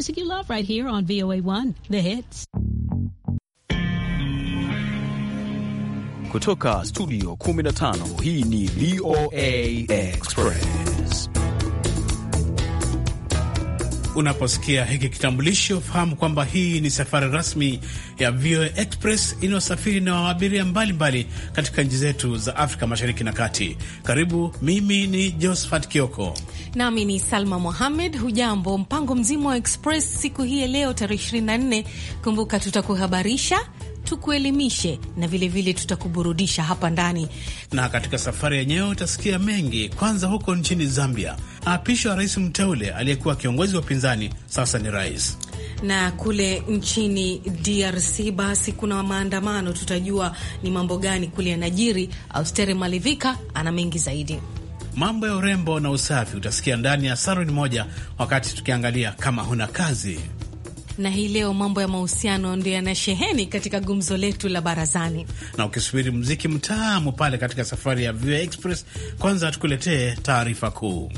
music you love right here on VOA1, The Hits. Kutoka studio 15, hii ni VOA Express. Unaposikia hiki kitambulisho, fahamu kwamba hii ni safari rasmi ya VOA Express inayosafiri na waabiria mbalimbali katika nchi zetu za Afrika Mashariki na Kati. Karibu, mimi ni Josephat Kioko nami ni Salma Mohamed. Hujambo, mpango mzima wa Express siku hii ya leo tarehe 24. Kumbuka tutakuhabarisha tukuelimishe na vilevile vile tutakuburudisha hapa ndani. Na katika safari yenyewe utasikia mengi. Kwanza huko nchini Zambia, apisho ya rais mteule aliyekuwa kiongozi wa upinzani sasa ni rais. Na kule nchini DRC basi kuna maandamano, tutajua ni mambo gani kule yanajiri. Austere Malivika ana mengi zaidi mambo ya urembo na usafi utasikia ndani ya saloni moja, wakati tukiangalia kama huna kazi na hii leo mambo ya mahusiano ndio yanasheheni katika gumzo letu la barazani, na ukisubiri mziki mtamu pale katika safari ya VOA Express. Kwanza tukuletee taarifa kuu.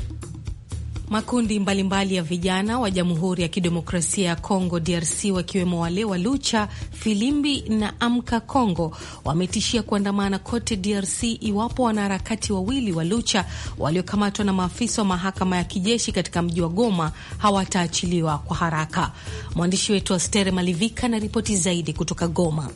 Makundi mbalimbali mbali ya vijana wa Jamhuri ya Kidemokrasia ya Kongo DRC wakiwemo wale wa Lucha, Filimbi na Amka Kongo wametishia kuandamana kote DRC iwapo wanaharakati wawili wa Lucha waliokamatwa na maafisa wa mahakama ya kijeshi katika mji wa Goma hawataachiliwa kwa haraka. Mwandishi wetu Astere Malivika na ripoti zaidi kutoka Goma.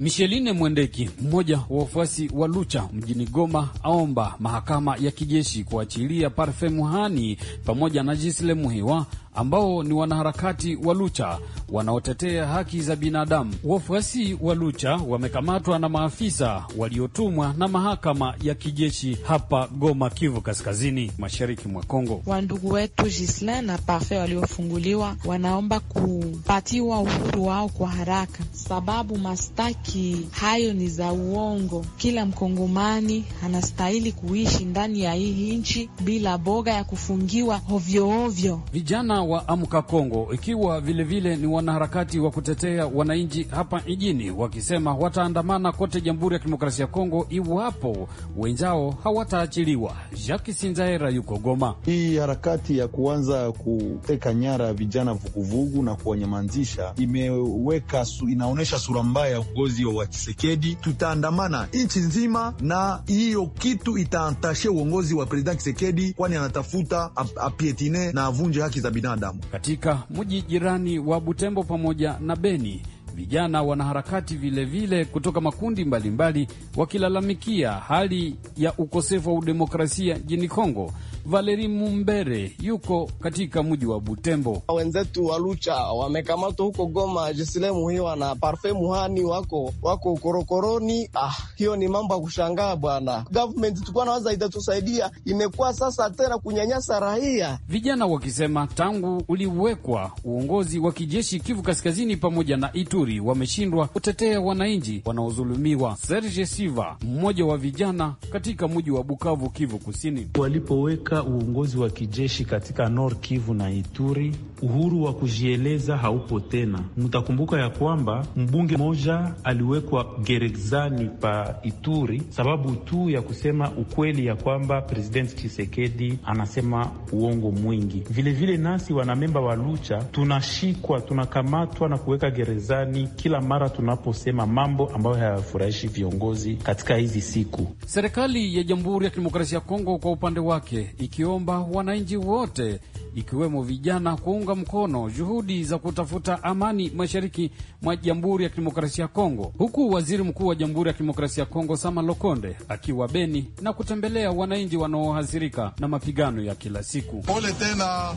Micheline Mwendeki, mmoja wa wafuasi wa Lucha mjini Goma, aomba mahakama ya kijeshi kuachilia Parfait Muhani pamoja na Gisle Muhiwa ambao ni wanaharakati wa Lucha wanaotetea haki za binadamu. Wafuasi wa Lucha wamekamatwa na maafisa waliotumwa na mahakama ya kijeshi hapa Goma, Kivu Kaskazini, mashariki mwa Kongo. Wandugu wetu Gislin na Parfait waliofunguliwa wanaomba kupatiwa uhuru wao kwa haraka, sababu mastaki hayo ni za uongo. Kila mkongomani anastahili kuishi ndani ya hii nchi bila boga ya kufungiwa hovyohovyo. Vijana wa Amka Kongo, ikiwa vilevile vile ni wanaharakati wa kutetea wananchi hapa nchini, wakisema wataandamana kote Jamhuri ya Kidemokrasia ya Kongo iwapo wenzao hawataachiliwa. Jacques Sinzaera yuko Goma. Hii harakati ya kuanza kuteka nyara vijana vuguvugu na kuwanyamanzisha imeweka su, inaonyesha sura mbaya ya uongozi wa Chisekedi. Tutaandamana nchi nzima, na hiyo kitu itaantashe uongozi wa President Chisekedi, kwani anatafuta apietine na avunje haki za binadamu binadamu. Katika mji jirani wa Butembo pamoja na Beni, vijana wanaharakati vilevile vile kutoka makundi mbalimbali wakilalamikia hali ya ukosefu wa udemokrasia nchini Kongo Valeri Mumbere yuko katika mji wa Butembo. Wenzetu wa Lucha wamekamatwa huko Goma, Jesile hiwa na Parfe hani wako wako korokoroni. Ah, hiyo ni mambo ya kushangaa bwana. Government tulikuwa nawaza itatusaidia, imekuwa sasa tena kunyanyasa raia. Vijana wakisema tangu uliwekwa uongozi wa kijeshi Kivu Kaskazini pamoja na Ituri wameshindwa kutetea wananchi wanaozulumiwa Serge Siva, mmoja wa vijana katika mji wa Bukavu, Kivu Kusini, walipoweka katika uongozi wa kijeshi katika Nord Kivu na Ituri, uhuru wa kujieleza haupo tena. Mtakumbuka ya kwamba mbunge mmoja aliwekwa gerezani pa Ituri sababu tu ya kusema ukweli ya kwamba President chisekedi anasema uongo mwingi. Vilevile vile nasi wanamemba wa Lucha tunashikwa, tunakamatwa na kuweka gerezani kila mara tunaposema mambo ambayo hayafurahishi viongozi katika hizi siku. Serikali ya Jamhuri ya Kidemokrasia ya Kongo kwa upande wake ikiomba wananchi wote ikiwemo vijana kuunga mkono juhudi za kutafuta amani mashariki mwa Jamhuri ya Kidemokrasia ya Kongo, huku waziri mkuu wa Jamhuri ya Kidemokrasia ya Kongo Sama Lokonde akiwa Beni na kutembelea wananchi wanaohasirika na mapigano ya kila siku. Pole tena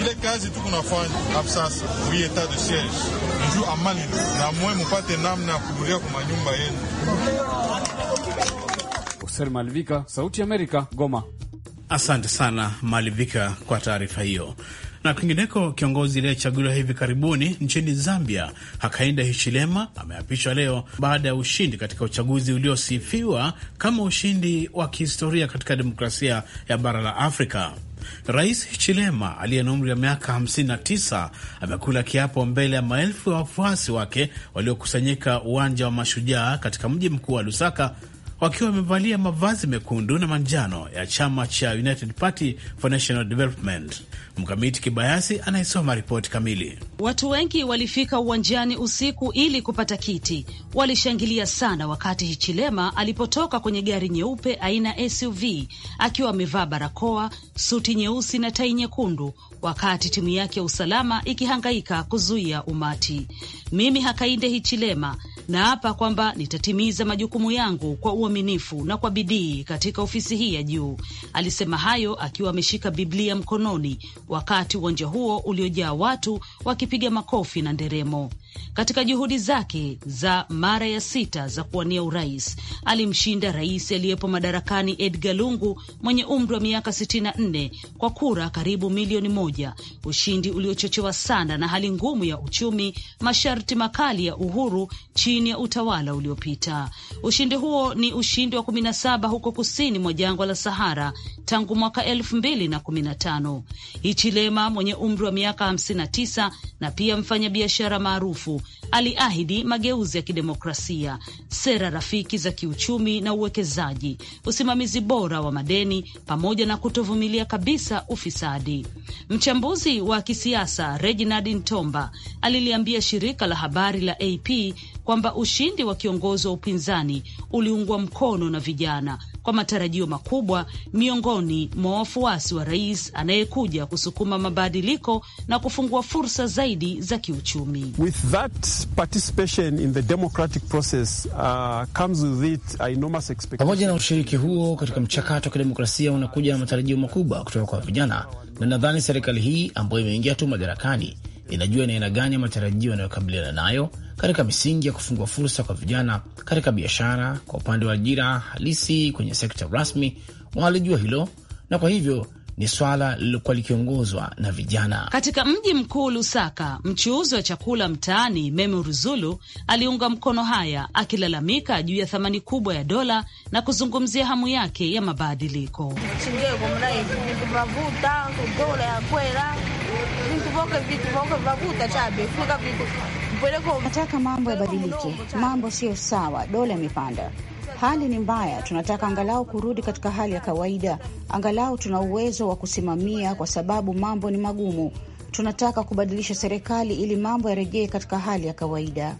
ile kazi tu kunafanya etat de siege amani na mwe mupate namna ya kwa manyumba yenu Oser Malvika, Sauti Amerika, Goma. Asante sana Malivika kwa taarifa hiyo. Na kwingineko, kiongozi aliyechaguliwa hivi karibuni nchini Zambia, Hakainde Hichilema ameapishwa leo baada ya ushindi katika uchaguzi uliosifiwa kama ushindi wa kihistoria katika demokrasia ya bara la Afrika. Rais Hichilema aliye na umri wa miaka 59 amekula kiapo mbele ya maelfu ya wafuasi wake waliokusanyika uwanja wa Mashujaa katika mji mkuu wa Lusaka wakiwa wamevalia mavazi mekundu na manjano ya chama cha United Party for National Development. Mkamiti Kibayasi anayesoma ripoti kamili. Watu wengi walifika uwanjani usiku ili kupata kiti. Walishangilia sana wakati Hichilema alipotoka kwenye gari nyeupe aina SUV akiwa amevaa barakoa, suti nyeusi na tai nyekundu, wakati timu yake ya usalama ikihangaika kuzuia umati. Mimi Hakainde Hichilema hapa kwamba nitatimiza majukumu yangu kwa uaminifu na kwa bidii katika ofisi hii ya juu. Alisema hayo akiwa ameshika Biblia mkononi wakati uwanja huo uliojaa watu wakipiga makofi na nderemo katika juhudi zake za mara ya sita za kuwania urais alimshinda rais aliyepo madarakani Edgar Lungu mwenye umri wa miaka 64 kwa kura karibu milioni moja, ushindi uliochochewa sana na hali ngumu ya uchumi, masharti makali ya uhuru chini ya utawala uliopita. Ushindi huo ni ushindi wa 17 huko kusini mwa jangwa la Sahara tangu mwaka 2015. Hichilema mwenye umri wa miaka 59 na pia mfanyabiashara maarufu mrefu aliahidi mageuzi ya kidemokrasia, sera rafiki za kiuchumi na uwekezaji, usimamizi bora wa madeni, pamoja na kutovumilia kabisa ufisadi. Mchambuzi wa kisiasa Reginald Ntomba aliliambia shirika la habari la AP kwamba ushindi wa kiongozi wa upinzani uliungwa mkono na vijana kwa matarajio makubwa miongoni mwa wafuasi wa rais anayekuja kusukuma mabadiliko na kufungua fursa zaidi za kiuchumi. With that participation in the democratic process, uh, comes with it enormous Pamoja na ushiriki huo katika mchakato wa kidemokrasia unakuja na matarajio makubwa kutoka kwa vijana, na nadhani serikali hii ambayo imeingia tu madarakani inajua ni aina gani ya matarajio yanayokabiliana nayo katika misingi ya kufungua fursa kwa vijana katika biashara. Kwa upande wa ajira halisi kwenye sekta rasmi, walijua hilo na kwa hivyo ni swala lililokuwa likiongozwa na vijana katika mji mkuu Lusaka. Mchuuzi wa chakula mtaani Memory Zulu aliunga mkono haya, akilalamika juu ya thamani kubwa ya dola na kuzungumzia hamu yake ya mabadiliko. Nataka mambo yabadilike, mambo siyo sawa, dola imepanda, hali ni mbaya. Tunataka angalau kurudi katika hali ya kawaida, angalau tuna uwezo wa kusimamia, kwa sababu mambo ni magumu. Tunataka kubadilisha serikali ili mambo yarejee katika hali ya kawaida.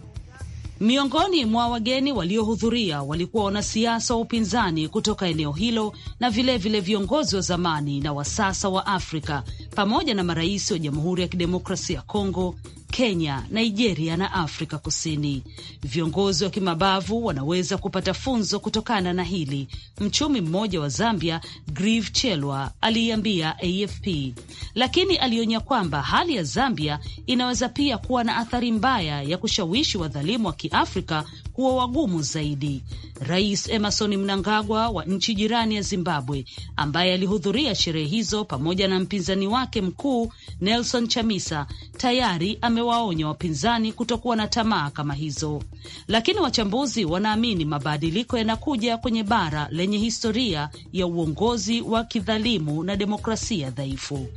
Miongoni mwa wageni waliohudhuria walikuwa wanasiasa wa upinzani kutoka eneo hilo na vilevile vile viongozi wa zamani na wa sasa wa Afrika pamoja na marais wa Jamhuri ya Kidemokrasia ya Kongo, Kenya, Nigeria na Afrika Kusini. Viongozi wa kimabavu wanaweza kupata funzo kutokana na hili, mchumi mmoja wa Zambia Grive Chelwa aliiambia AFP, lakini alionya kwamba hali ya Zambia inaweza pia kuwa na athari mbaya ya kushawishi wadhalimu wa Kiafrika kuwa wagumu zaidi. Rais Emerson Mnangagwa wa nchi jirani ya Zimbabwe, ambaye alihudhuria sherehe hizo pamoja na mpinzani wake mkuu Nelson Chamisa, tayari amewaonya wapinzani kutokuwa na tamaa kama hizo, lakini wachambuzi wanaamini mabadiliko yanakuja kwenye bara lenye historia ya uongozi wa kidhalimu na demokrasia dhaifu.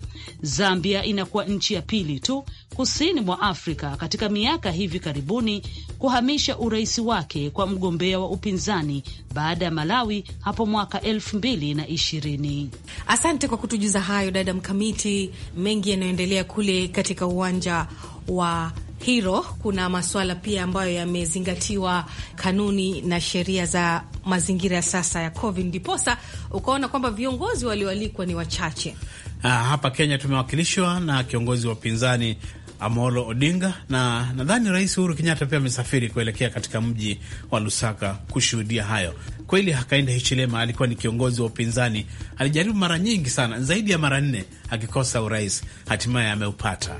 Zambia inakuwa nchi ya pili tu kusini mwa Afrika katika miaka hivi karibuni kuhamisha urais wake kwa mgombea wa upinzani baada ya Malawi hapo mwaka elfu mbili na ishirini. Asante kwa kutujuza hayo dada Mkamiti. Mengi yanayoendelea kule katika uwanja wa hilo kuna masuala pia ambayo yamezingatiwa kanuni na sheria za mazingira ya sasa ya COVID, ndiposa ukaona kwamba viongozi walioalikwa ni wachache. Ha, ah, hapa Kenya tumewakilishwa na kiongozi wa upinzani Amolo Odinga, na nadhani Rais Uhuru Kenyatta pia amesafiri kuelekea katika mji wa Lusaka kushuhudia hayo. Kweli Hakainde Hichilema alikuwa ni kiongozi wa upinzani, alijaribu mara nyingi sana, zaidi ya mara nne, akikosa urais, hatimaye ameupata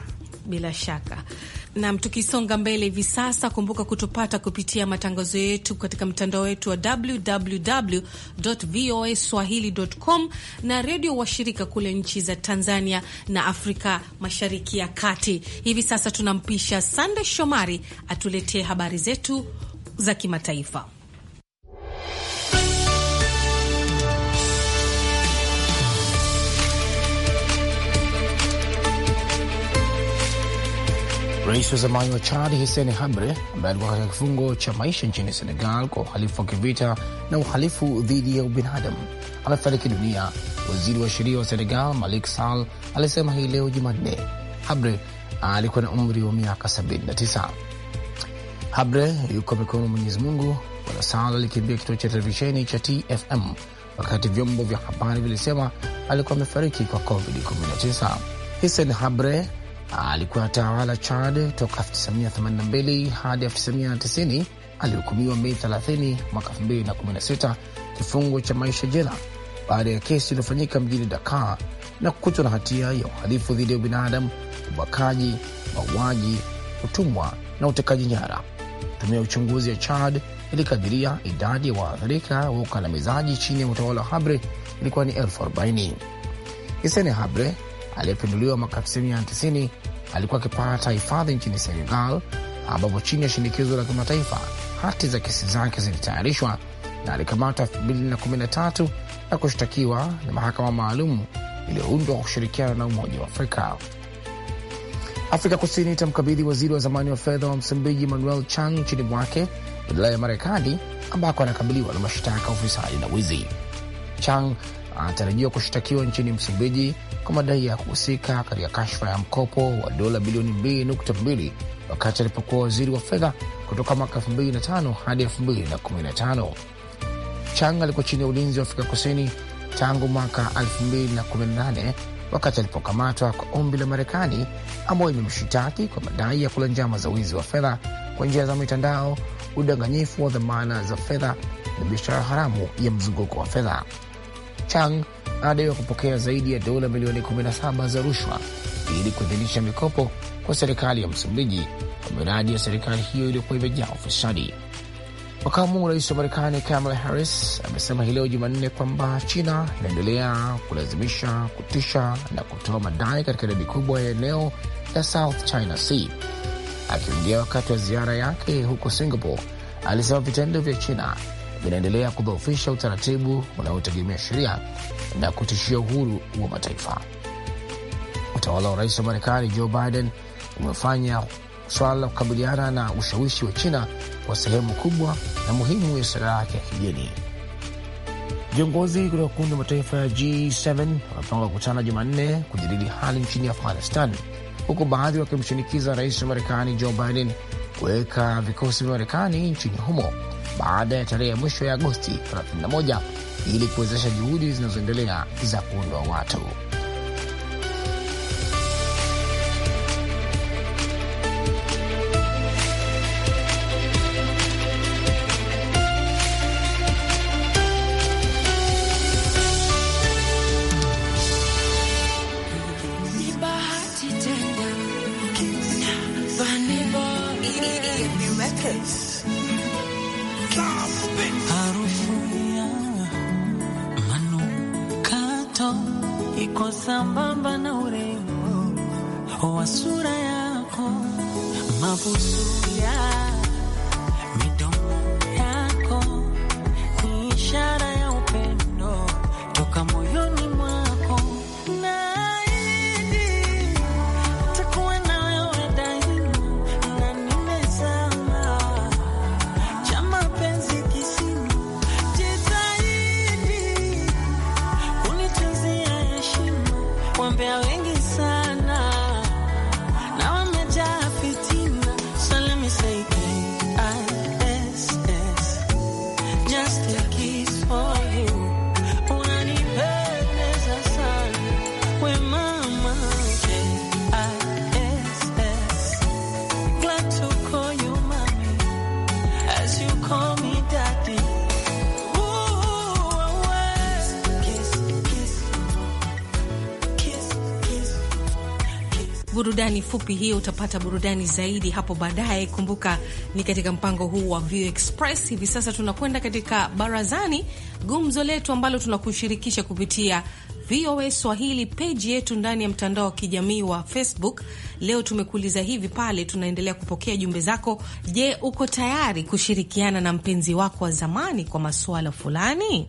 bila shaka. Nam, tukisonga mbele hivi sasa, kumbuka kutupata kupitia matangazo yetu katika mtandao wetu wa www voa swahili.com na redio washirika kule nchi za Tanzania na Afrika Mashariki ya Kati. Hivi sasa tunampisha Sande Shomari atuletee habari zetu za kimataifa. Rais wa zamani wa Chad Hissene Habre, ambaye alikuwa katika kifungo cha maisha nchini Senegal kwa uhalifu wa kivita na uhalifu dhidi ya ubinadamu, amefariki dunia. Waziri wa sheria wa Senegal Malik sal alisema hii leo Jumanne. Habre alikuwa na umri wa miaka 79. Habre yuko mikono mwa Mwenyezi Mungu. Bwana Sal alikimbia kituo cha televisheni cha TFM wakati vyombo vya habari vilisema alikuwa amefariki kwa COVID-19. Hisen Habre alikuwa anatawala Chad toka 1982 hadi 1990. Alihukumiwa Mei 30 mwaka 2016 kifungo cha maisha jela baada ya kesi iliyofanyika mjini Dakar na kukutwa na hatia ya uhalifu dhidi ya binadamu, ubakaji, mauaji, utumwa na utekaji nyara. Tume ya uchunguzi ya Chad ilikadiria idadi ya waathirika wa ukandamizaji chini ya utawala wa Habre ilikuwa ni elfu arobaini. Hisene Habre aliyepinduliwa mwaka 1990 alikuwa akipata hifadhi nchini Senegal, ambapo chini ya shinikizo la kimataifa hati za kesi zake zilitayarishwa na alikamatwa 2013 na kushtakiwa na mahakama maalum iliyoundwa kwa kushirikiana na Umoja wa Afrika. Afrika Kusini itamkabidhi waziri wa zamani wa fedha wa Msumbiji Manuel Chang nchini mwake badala ya Marekani ambako anakabiliwa na mashtaka ya ufisadi na wizi. Chang anatarajiwa kushtakiwa nchini Msumbiji kwa madai ya kuhusika katika kashfa ya mkopo wa dola bilioni 2.2 wakati alipokuwa waziri wa fedha kutoka mwaka 2005 hadi 2015. Chang alikuwa chini ya ulinzi wa Afrika Kusini tangu mwaka 2018 wakati alipokamatwa kwa ombi la Marekani ambayo imemshitaki kwa madai ya kula njama za wizi wa fedha kwa njia za mitandao, udanganyifu wa dhamana za fedha na biashara haramu ya mzunguko wa fedha. Chang anadaiwa kupokea zaidi ya dola milioni 17 za rushwa ili kuidhinisha mikopo kwa serikali ya Msumbiji kwa miradi ya serikali hiyo iliyokuwa imejaa ufisadi. Makamu rais wa Marekani Kamala Harris amesema hii leo Jumanne kwamba China inaendelea kulazimisha, kutisha na kutoa madai katika idadi kubwa ya eneo la South China Sea. Akiongea wakati wa ziara yake huko Singapore, alisema vitendo vya China vinaendelea kudhoofisha utaratibu unaotegemea sheria na kutishia uhuru wa mataifa. Utawala wa rais wa Marekani Joe Biden umefanya swala la kukabiliana na ushawishi wa China kwa sehemu kubwa na muhimu ya sera yake ya kigeni. Viongozi kutoka kundi mataifa ya G7 wamepanga kukutana Jumanne kujadili hali nchini Afghanistan, huku baadhi wakimshinikiza rais wa Marekani Joe Biden kuweka vikosi vya Marekani nchini humo baada ya tarehe ya mwisho ya Agosti 31 ili kuwezesha juhudi zinazoendelea za kuondoa watu. iko sambamba na urembo wa sura yako mabusu yako burudani fupi hiyo, utapata burudani zaidi hapo baadaye. Kumbuka ni katika mpango huu wa View Express. Hivi sasa tunakwenda katika barazani, gumzo letu ambalo tunakushirikisha kupitia VOA Swahili peji yetu ndani ya mtandao wa kijamii wa Facebook. Leo tumekuuliza hivi pale, tunaendelea kupokea jumbe zako. Je, uko tayari kushirikiana na mpenzi wako wa zamani kwa masuala fulani?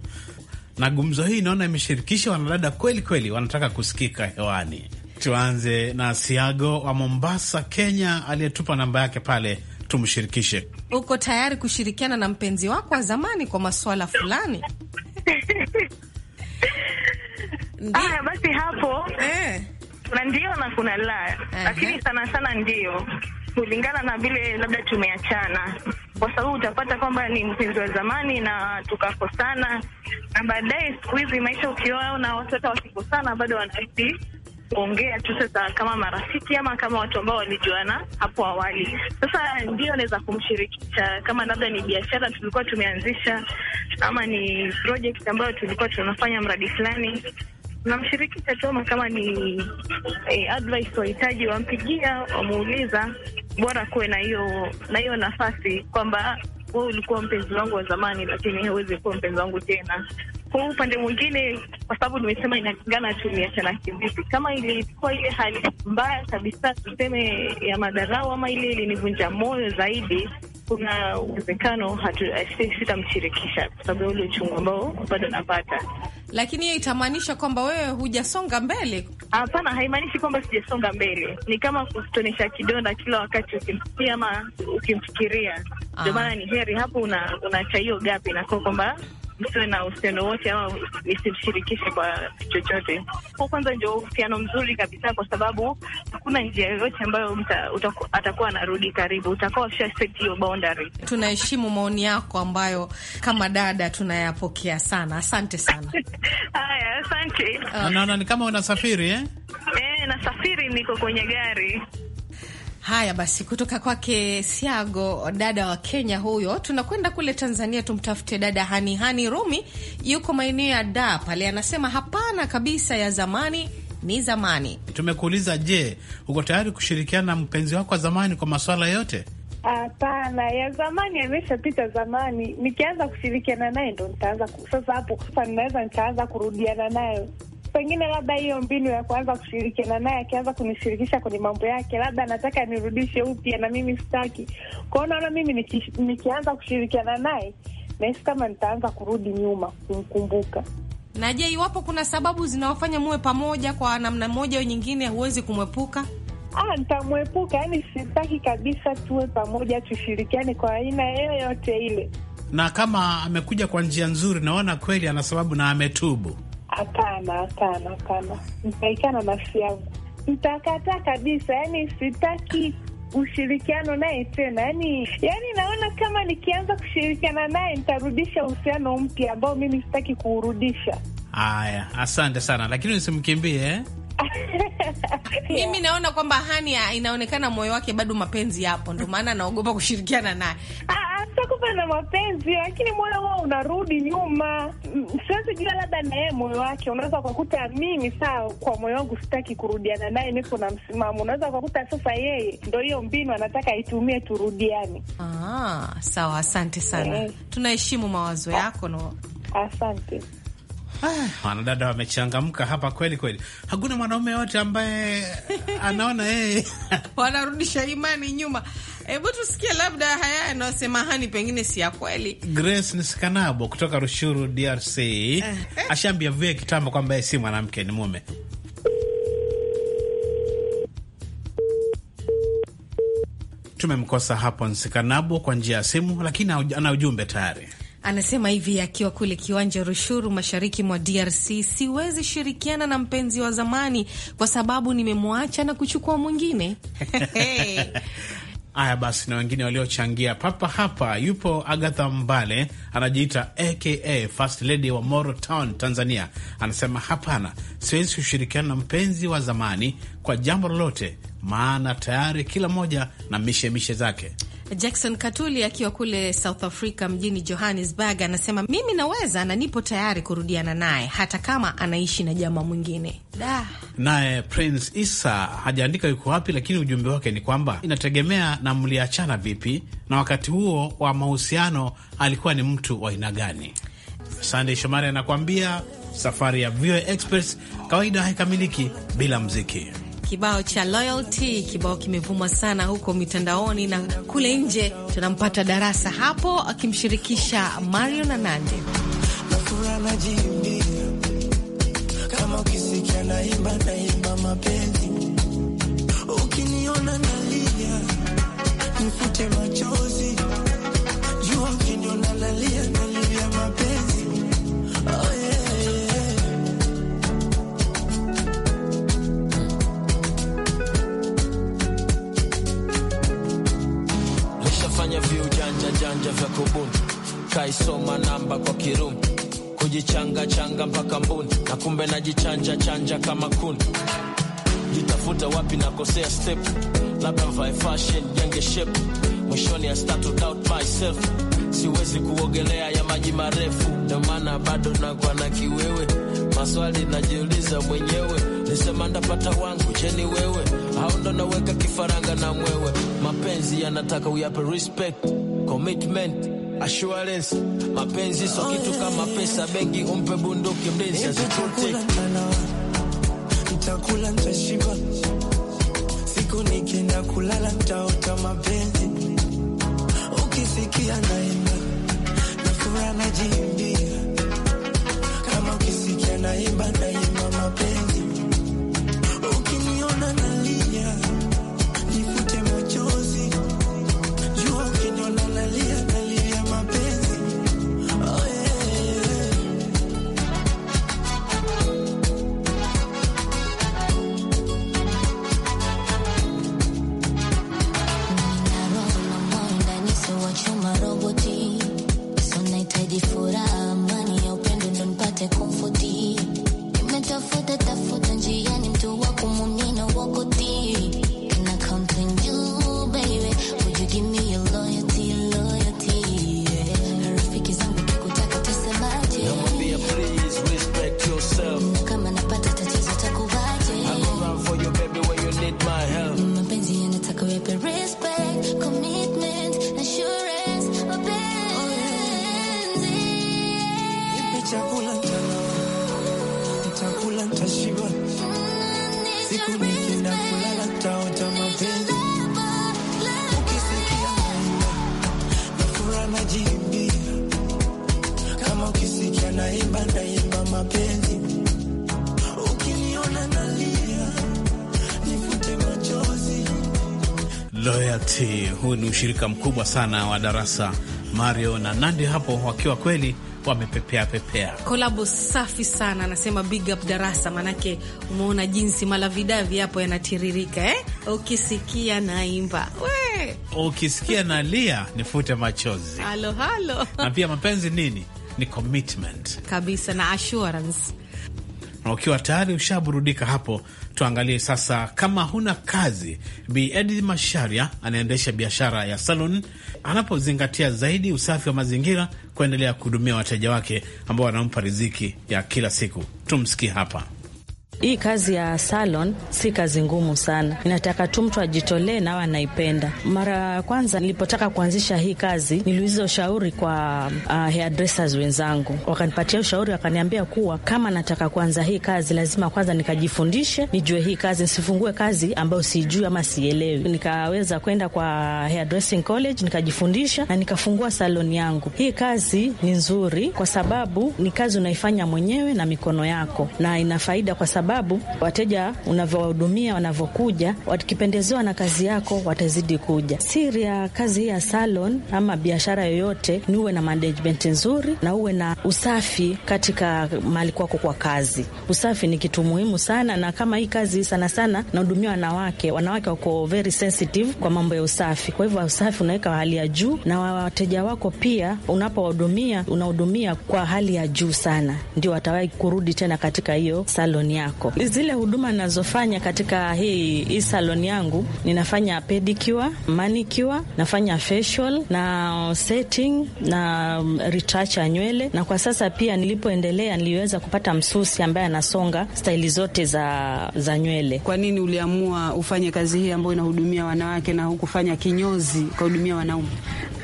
Na gumzo hii naona imeshirikisha wanadada kweli kweli, wanataka kusikika hewani. Tuanze na Siago wa Mombasa, Kenya, aliyetupa namba yake pale, tumshirikishe. Uko tayari kushirikiana na mpenzi wako wa zamani kwa masuala fulani? Aya, basi hapo eh, kuna ndio na kuna la, lakini sana sana ndio kulingana na vile labda tumeachana, kwa sababu utapata kwamba ni mpenzi wa zamani na tukakosana, na baadaye siku hizi maisha, ukiona na watu hata wakikosana bado wanaishi kuongea tu sasa, kama marafiki ama kama watu ambao walijuana hapo awali. Sasa ndio naweza kumshirikisha kama labda ni biashara tulikuwa tumeanzisha ama ni project ambayo tulikuwa tunafanya mradi fulani namshirikisha tuma kama ni eh, advice wahitaji wampigia, wamuuliza, bora kuwe na hiyo na hiyo nafasi kwamba wewe ulikuwa mpenzi wangu wa zamani, lakini hawezi kuwa mpenzi wangu tena. Kwa upande mwingine, kwa sababu nimesema inalingana tu ni kivipi. Kama ilikuwa ile hali mbaya kabisa, tuseme ya madharau, ama ile ilinivunja moyo zaidi, kuna uwezekano sitamshirikisha kwa sababu ule uchungu ambao bado napata. Lakini hiyo itamaanisha kwamba wewe hujasonga mbele? Hapana, haimaanishi kwamba sijasonga mbele, ni kama kutonesha kidonda kila wakati ukimsikia ama ukimfikiria ndio maana ni heri hapo una unaacha hiyo gap na kwamba msiwe na uhusiano wote ama nisimshirikishe kwa chochote. Kwa kwanza ndio uhusiano mzuri kabisa, kwa sababu hakuna njia yoyote ambayo atakuwa anarudi karibu, utakuwa set hiyo boundary. Tunaheshimu maoni yako ambayo kama dada tunayapokea sana, asante sana. Haya, asante. Naona ni kama unasafiri eh? Eh, nasafiri, niko kwenye gari. Haya basi, kutoka kwake Siago, dada wa Kenya huyo, tunakwenda kule Tanzania, tumtafute dada Hani Hani Rumi, yuko maeneo ya da pale. Anasema hapana kabisa, ya zamani ni zamani. Tumekuuliza, je, uko tayari kushirikiana na mpenzi wako wa zamani kwa masuala yote? Hapana, ya zamani ameshapita zamani. Nikianza kushirikiana naye ndo nitaanza sasa, hapo sasa ninaweza nikaanza kurudiana nayo pengine labda hiyo mbinu ya kuanza kushirikiana naye, akianza kunishirikisha kwenye mambo yake, labda anataka nirudishe upya na mimi sitaki. Kwa hiyo naona mimi nikianza kushirikiana naye nahisi kama nitaanza kurudi nyuma kumkumbuka. Na je, iwapo kuna sababu zinawafanya muwe pamoja kwa namna moja au nyingine, huwezi kumwepuka? Ah, nitamwepuka. Yani sitaki kabisa tuwe pamoja, tushirikiane kwa aina yoyote ile. Na kama amekuja kwa njia nzuri, naona kweli ana sababu na ametubu Hapana, hapana, hapana, nitaikaa na nafsi yangu, nitakataa kabisa. Yani sitaki ushirikiano naye tena. Yani yani, naona kama nikianza kushirikiana naye nitarudisha uhusiano mpya ambao mimi sitaki kuurudisha. Haya, asante sana, lakini usimkimbie eh? yeah. Mimi naona kwamba Hania inaonekana moyo wake bado mapenzi yapo, ndio maana anaogopa kushirikiana naye. Ah, ah, na mapenzi, lakini moyo wao unarudi nyuma. Mm, siwezi jua, labda na yeye moyo wake. Unaweza ukakuta mimi saa kwa moyo wangu sitaki kurudiana naye, niko na msimamo. Unaweza ukakuta sasa yeye ndo hiyo mbinu anataka itumie, turudiane. Ah, sawa, asante sana yeah. Tunaheshimu mawazo ah, yako no. Asante wanadada wamechangamka hapa kweli kweli. Hakuna mwanaume yote ambaye anaona yeye wanarudisha imani nyuma. Hebu tusikie labda haya yanayosema hani, pengine si ya kweli. Grace Nisikanabo kutoka Rushuru, DRC eh. ashaambia vile kitambo kwamba yeye si mwanamke, ni mume. Tumemkosa hapo nsikanabo kwa njia ya simu, lakini ana ujumbe tayari. Anasema hivi akiwa kule kiwanja Rushuru, mashariki mwa DRC: siwezi shirikiana na mpenzi wa zamani kwa sababu nimemwacha na kuchukua mwingine. Haya basi, na wengine waliochangia papa hapa. Yupo Agatha Mbale, anajiita aka First Lady wa Moro Town, Tanzania. Anasema hapana, siwezi kushirikiana na mpenzi wa zamani kwa jambo lolote, maana tayari kila mmoja na mishemishe zake. Jackson Katuli akiwa kule South Africa mjini Johannesburg anasema mimi naweza na nipo tayari kurudiana naye hata kama anaishi na jamaa mwingine. Naye Prince Isa hajaandika yuko wapi, lakini ujumbe wake ni kwamba inategemea na mliachana vipi, na wakati huo wa mahusiano alikuwa ni mtu wa aina gani. Sandey Shomari anakuambia safari ya VOA Express kawaida haikamiliki bila mziki kibao cha Loyalty. Kibao kimevumwa sana huko mitandaoni na kule nje. Tunampata Darasa hapo akimshirikisha Mario na Nande nifute najichanja chanja kama kun jitafuta wapi nakosea step, labda mvae fashion yange shape, mwishoni I start to doubt myself. Siwezi kuogelea ya maji marefu, ndio maana bado nakuwa na kiwewe, maswali najiuliza mwenyewe, nisema ndapata wangu, cheni wewe au ndo naweka kifaranga na mwewe? Mapenzi yanataka uyape respect, commitment assurance. Mapenzi so kitu kama pesa, begi umpe bunduki, mlinzi azichute. Nitakula nitashiba, siku nikienda kulala nitaota mapenzi, ukisikia naimba na furaha najiimbia, kama ukisikia naimba naimba ushirika mkubwa sana wa darasa Mario na Nandi hapo wakiwa kweli wamepepea pepea, kolabo safi sana. Anasema big up darasa, manake umeona jinsi malavidavi hapo yanatiririka eh? Ukisikia naimba we, ukisikia nalia nifute machozi, halo halo. na pia mapenzi nini ni commitment kabisa na assurance na ukiwa tayari ushaburudika hapo, tuangalie sasa, kama huna kazi, Bi Edi Masharia anaendesha biashara ya salon, anapozingatia zaidi usafi wa mazingira kuendelea kuhudumia wateja wake ambao wanampa riziki ya kila siku. Tumsikie hapa. Hii kazi ya salon si kazi ngumu sana, inataka tu mtu ajitolee na awe anaipenda. Mara ya kwanza nilipotaka kuanzisha hii kazi, niliuliza ushauri kwa uh, hairdressers wenzangu, wakanipatia ushauri, wakaniambia kuwa kama nataka kuanza hii kazi lazima kwanza nikajifundishe, nijue hii kazi, nisifungue kazi ambayo sijui ama sielewi. Nikaweza kwenda kwa hairdressing college nikajifundisha na nikafungua salon yangu. Hii kazi ni nzuri kwa sababu ni kazi unaifanya mwenyewe na mikono yako na ina faida kwa sababu sababu wateja unavyowahudumia, wanavyokuja, wakipendezewa na kazi yako watazidi kuja. Siri ya kazi hii ya salon ama biashara yoyote ni uwe na management nzuri na uwe na usafi katika mahali kwako kwa kazi. Usafi ni kitu muhimu sana, na kama hii kazi sana sana nahudumia wanawake, wanawake wako very sensitive kwa mambo ya usafi. Kwa hivyo usafi unaweka hali ya juu, na wateja wako pia unapowahudumia, unahudumia kwa hali ya juu sana, ndio watawahi kurudi tena katika hiyo salon yako yako. Zile huduma ninazofanya katika hii hii salon yangu, ninafanya pedicure, manicure, nafanya facial na setting na retouch ya nywele, na kwa sasa pia nilipoendelea niliweza kupata msusi ambaye anasonga staili zote za, za nywele. Kwa nini uliamua ufanye kazi hii ambayo inahudumia wanawake na hukufanya kinyozi ukahudumia wanaume?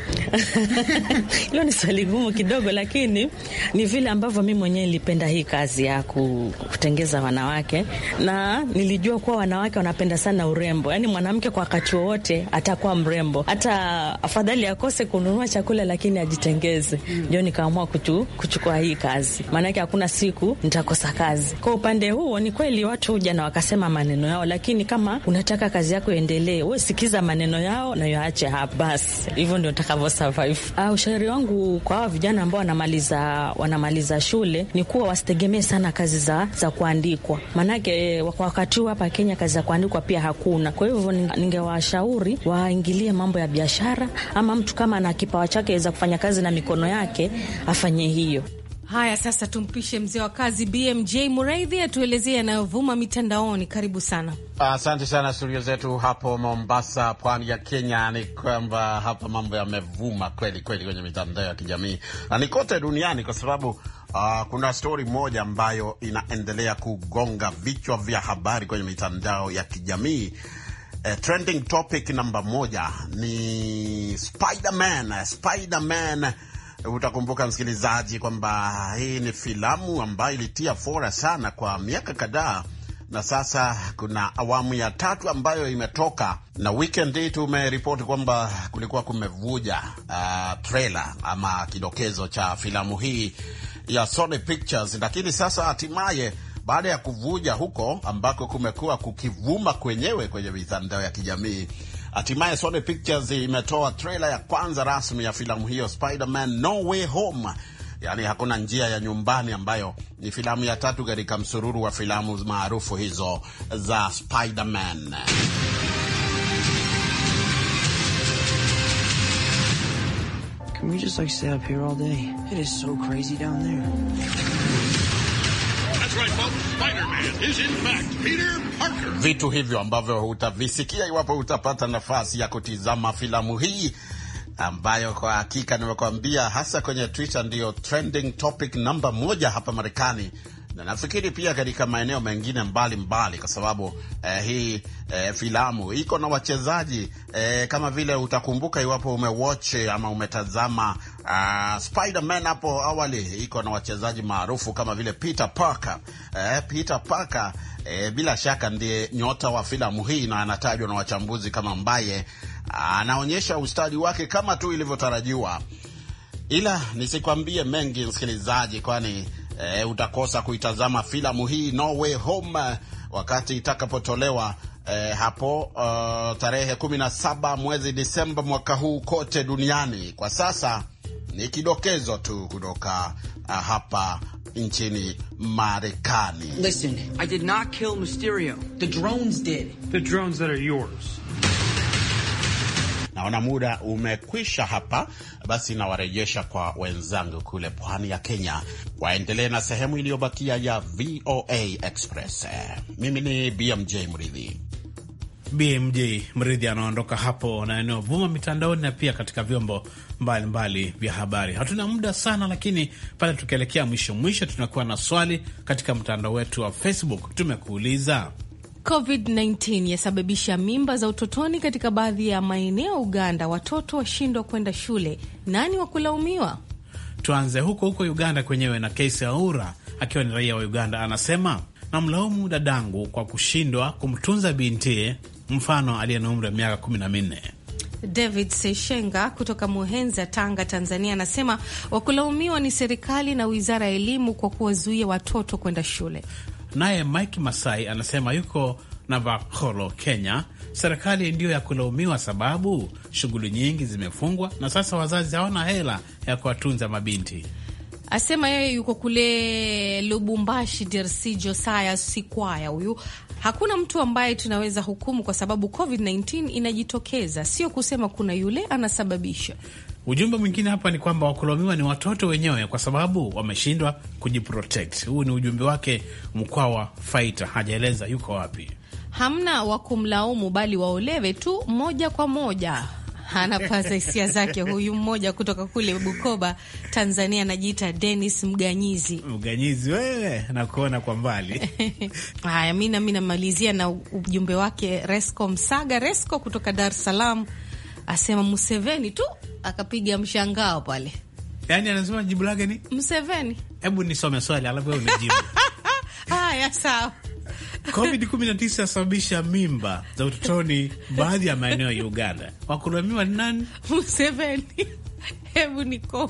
Hilo ni swali gumu kidogo, lakini ni vile ambavyo mi mwenyewe nilipenda hii kazi ya kutengeza wanawake, na nilijua kuwa wanawake wanapenda sana urembo. Yani mwanamke kwa wakati wowote atakuwa mrembo, hata afadhali akose kununua chakula, lakini ajitengeze. Ndio nikaamua kuchu, kuchukua hii kazi, maanake hakuna siku nitakosa kazi. Kwa upande huo, ni kweli watu huja na wakasema maneno yao, lakini kama unataka kazi yako iendelee, we sikiza maneno yao na yoache hapa basi. Hivyo ndio nataka wanavyo survive. Uh, ushauri wangu kwa hawa vijana ambao wanamaliza wanamaliza shule ni kuwa wasitegemee sana kazi za, za kuandikwa, maanake eh, kwa wakati huu hapa Kenya kazi za kuandikwa pia hakuna. Kwa hivyo ningewashauri waingilie mambo ya biashara, ama mtu kama ana kipawa chake aweza kufanya kazi na mikono yake afanye hiyo. Haya, sasa tumpishe mzee wa kazi BMJ Muraidhi atuelezee yanayovuma mitandaoni. Karibu sana. Asante uh, sana studio zetu hapo Mombasa, pwani ya Kenya. Ni kwamba hapa mambo yamevuma kweli kweli kwenye mitandao ya kijamii na ni kote duniani, kwa sababu uh, kuna stori moja ambayo inaendelea kugonga vichwa vya habari kwenye mitandao ya kijamii. Uh, trending topic namba moja ni Spiderman, Spiderman Utakumbuka msikilizaji, kwamba hii ni filamu ambayo ilitia fora sana kwa miaka kadhaa, na sasa kuna awamu ya tatu ambayo imetoka, na weekend hii tumeripoti kwamba kulikuwa kumevuja uh, trailer ama kidokezo cha filamu hii ya Sony Pictures, lakini sasa hatimaye baada ya kuvuja huko ambako kumekuwa kukivuma kwenyewe kwenye mitandao ya kijamii Hatimaye Sony Pictures imetoa trailer ya kwanza rasmi ya filamu hiyo Spider-Man No Way Home, yaani hakuna njia ya nyumbani, ambayo ni filamu ya tatu katika msururu wa filamu maarufu hizo za Spider-Man. Can we just like stay up here all day? It is so crazy down there. Vitu hivyo ambavyo utavisikia iwapo utapata nafasi ya kutizama filamu hii ambayo kwa hakika nimekwambia, hasa kwenye Twitter ndiyo trending topic namba moja hapa Marekani na nafikiri pia katika maeneo mengine mbalimbali mbali, kwa sababu eh, hii eh, filamu iko na wachezaji eh, kama vile utakumbuka iwapo umewatch ama umetazama Uh, Spider-Man hapo awali iko na wachezaji maarufu kama vile Peter Parker. Eh, Peter Parker eh, bila shaka ndiye nyota wa filamu hii na anatajwa na wachambuzi kama ambaye anaonyesha uh, ustadi wake kama tu ilivyotarajiwa, ila nisikwambie mengi msikilizaji, kwani eh, utakosa kuitazama filamu hii No Way Home wakati itakapotolewa E, hapo uh, tarehe 17 mwezi Disemba mwaka huu kote duniani. Kwa sasa ni kidokezo tu kutoka uh, hapa nchini Marekani. Listen, I did not kill Mysterio. The drones did. The drones that are yours. Naona muda umekwisha hapa, basi nawarejesha kwa wenzangu kule pwani ya Kenya waendelee na sehemu iliyobakia ya VOA Express. Mimi ni BMJ Mridhi. BMJ Mridhi anaondoka hapo na eneo vuma mitandaoni na pia katika vyombo mbalimbali vya habari. Hatuna muda sana, lakini pale tukielekea mwisho mwisho, tunakuwa na swali katika mtandao wetu wa Facebook. Tumekuuliza, COVID-19 yasababisha mimba za utotoni katika baadhi ya maeneo Uganda, watoto washindwa kwenda shule, nani wa kulaumiwa? Tuanze huko huko Uganda kwenyewe na kesi Aura akiwa ni raia wa Uganda anasema, namlaumu dadangu kwa kushindwa kumtunza bintie mfano aliye na umri wa miaka kumi na minne. David Seshenga kutoka Muhenza, Tanga, Tanzania, anasema wakulaumiwa ni serikali na wizara ya elimu kwa kuwazuia watoto kwenda shule. Naye Mike Masai anasema yuko Navakolo, Kenya, serikali ndiyo ya kulaumiwa sababu shughuli nyingi zimefungwa na sasa wazazi hawana hela ya kuwatunza mabinti. Asema yeye yuko kule Lubumbashi, DRC. Josaya Sikwaya huyu Hakuna mtu ambaye tunaweza hukumu kwa sababu COVID-19 inajitokeza, sio kusema kuna yule anasababisha. Ujumbe mwingine hapa ni kwamba wakulaumiwa ni watoto wenyewe kwa sababu wameshindwa kujiprotect. Huu ni ujumbe wake Mkwawa Faita, hajaeleza yuko wapi. Hamna wa kumlaumu, bali waolewe tu moja kwa moja anapaza hisia zake huyu mmoja kutoka kule Bukoba, Tanzania, anajiita Dennis Mganyizi. Mganyizi wewe, nakuona kwa mbali. Haya, mi nami namalizia na ujumbe wake Resco Msaga Resco kutoka Dar es Salaam, asema Museveni tu akapiga mshangao pale. Yani anasema jibu lake ni Museveni. Hebu nisome swali alafu wewe unijibu. Haya, sawa. Covid 19 yasababisha mimba za utotoni baadhi ya maeneo ya Uganda. Wakulaumiwa ni nani? Museveni. Hebu ni kom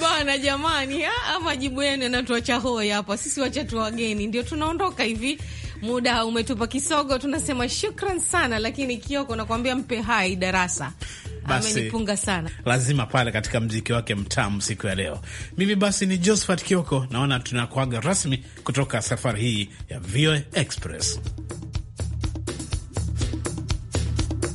bana, jamani, majibu yenu yanatuacha hoi hapa. Sisi wachatu wageni ndio tunaondoka hivi Muda umetupa kisogo, tunasema shukran sana, lakini Kioko nakwambia mpe hai darasa basi sana. Lazima pale katika mziki wake mtamu siku ya leo. Mimi basi ni Josephat Kioko, naona tunakuaga rasmi kutoka safari hii ya VOA Express.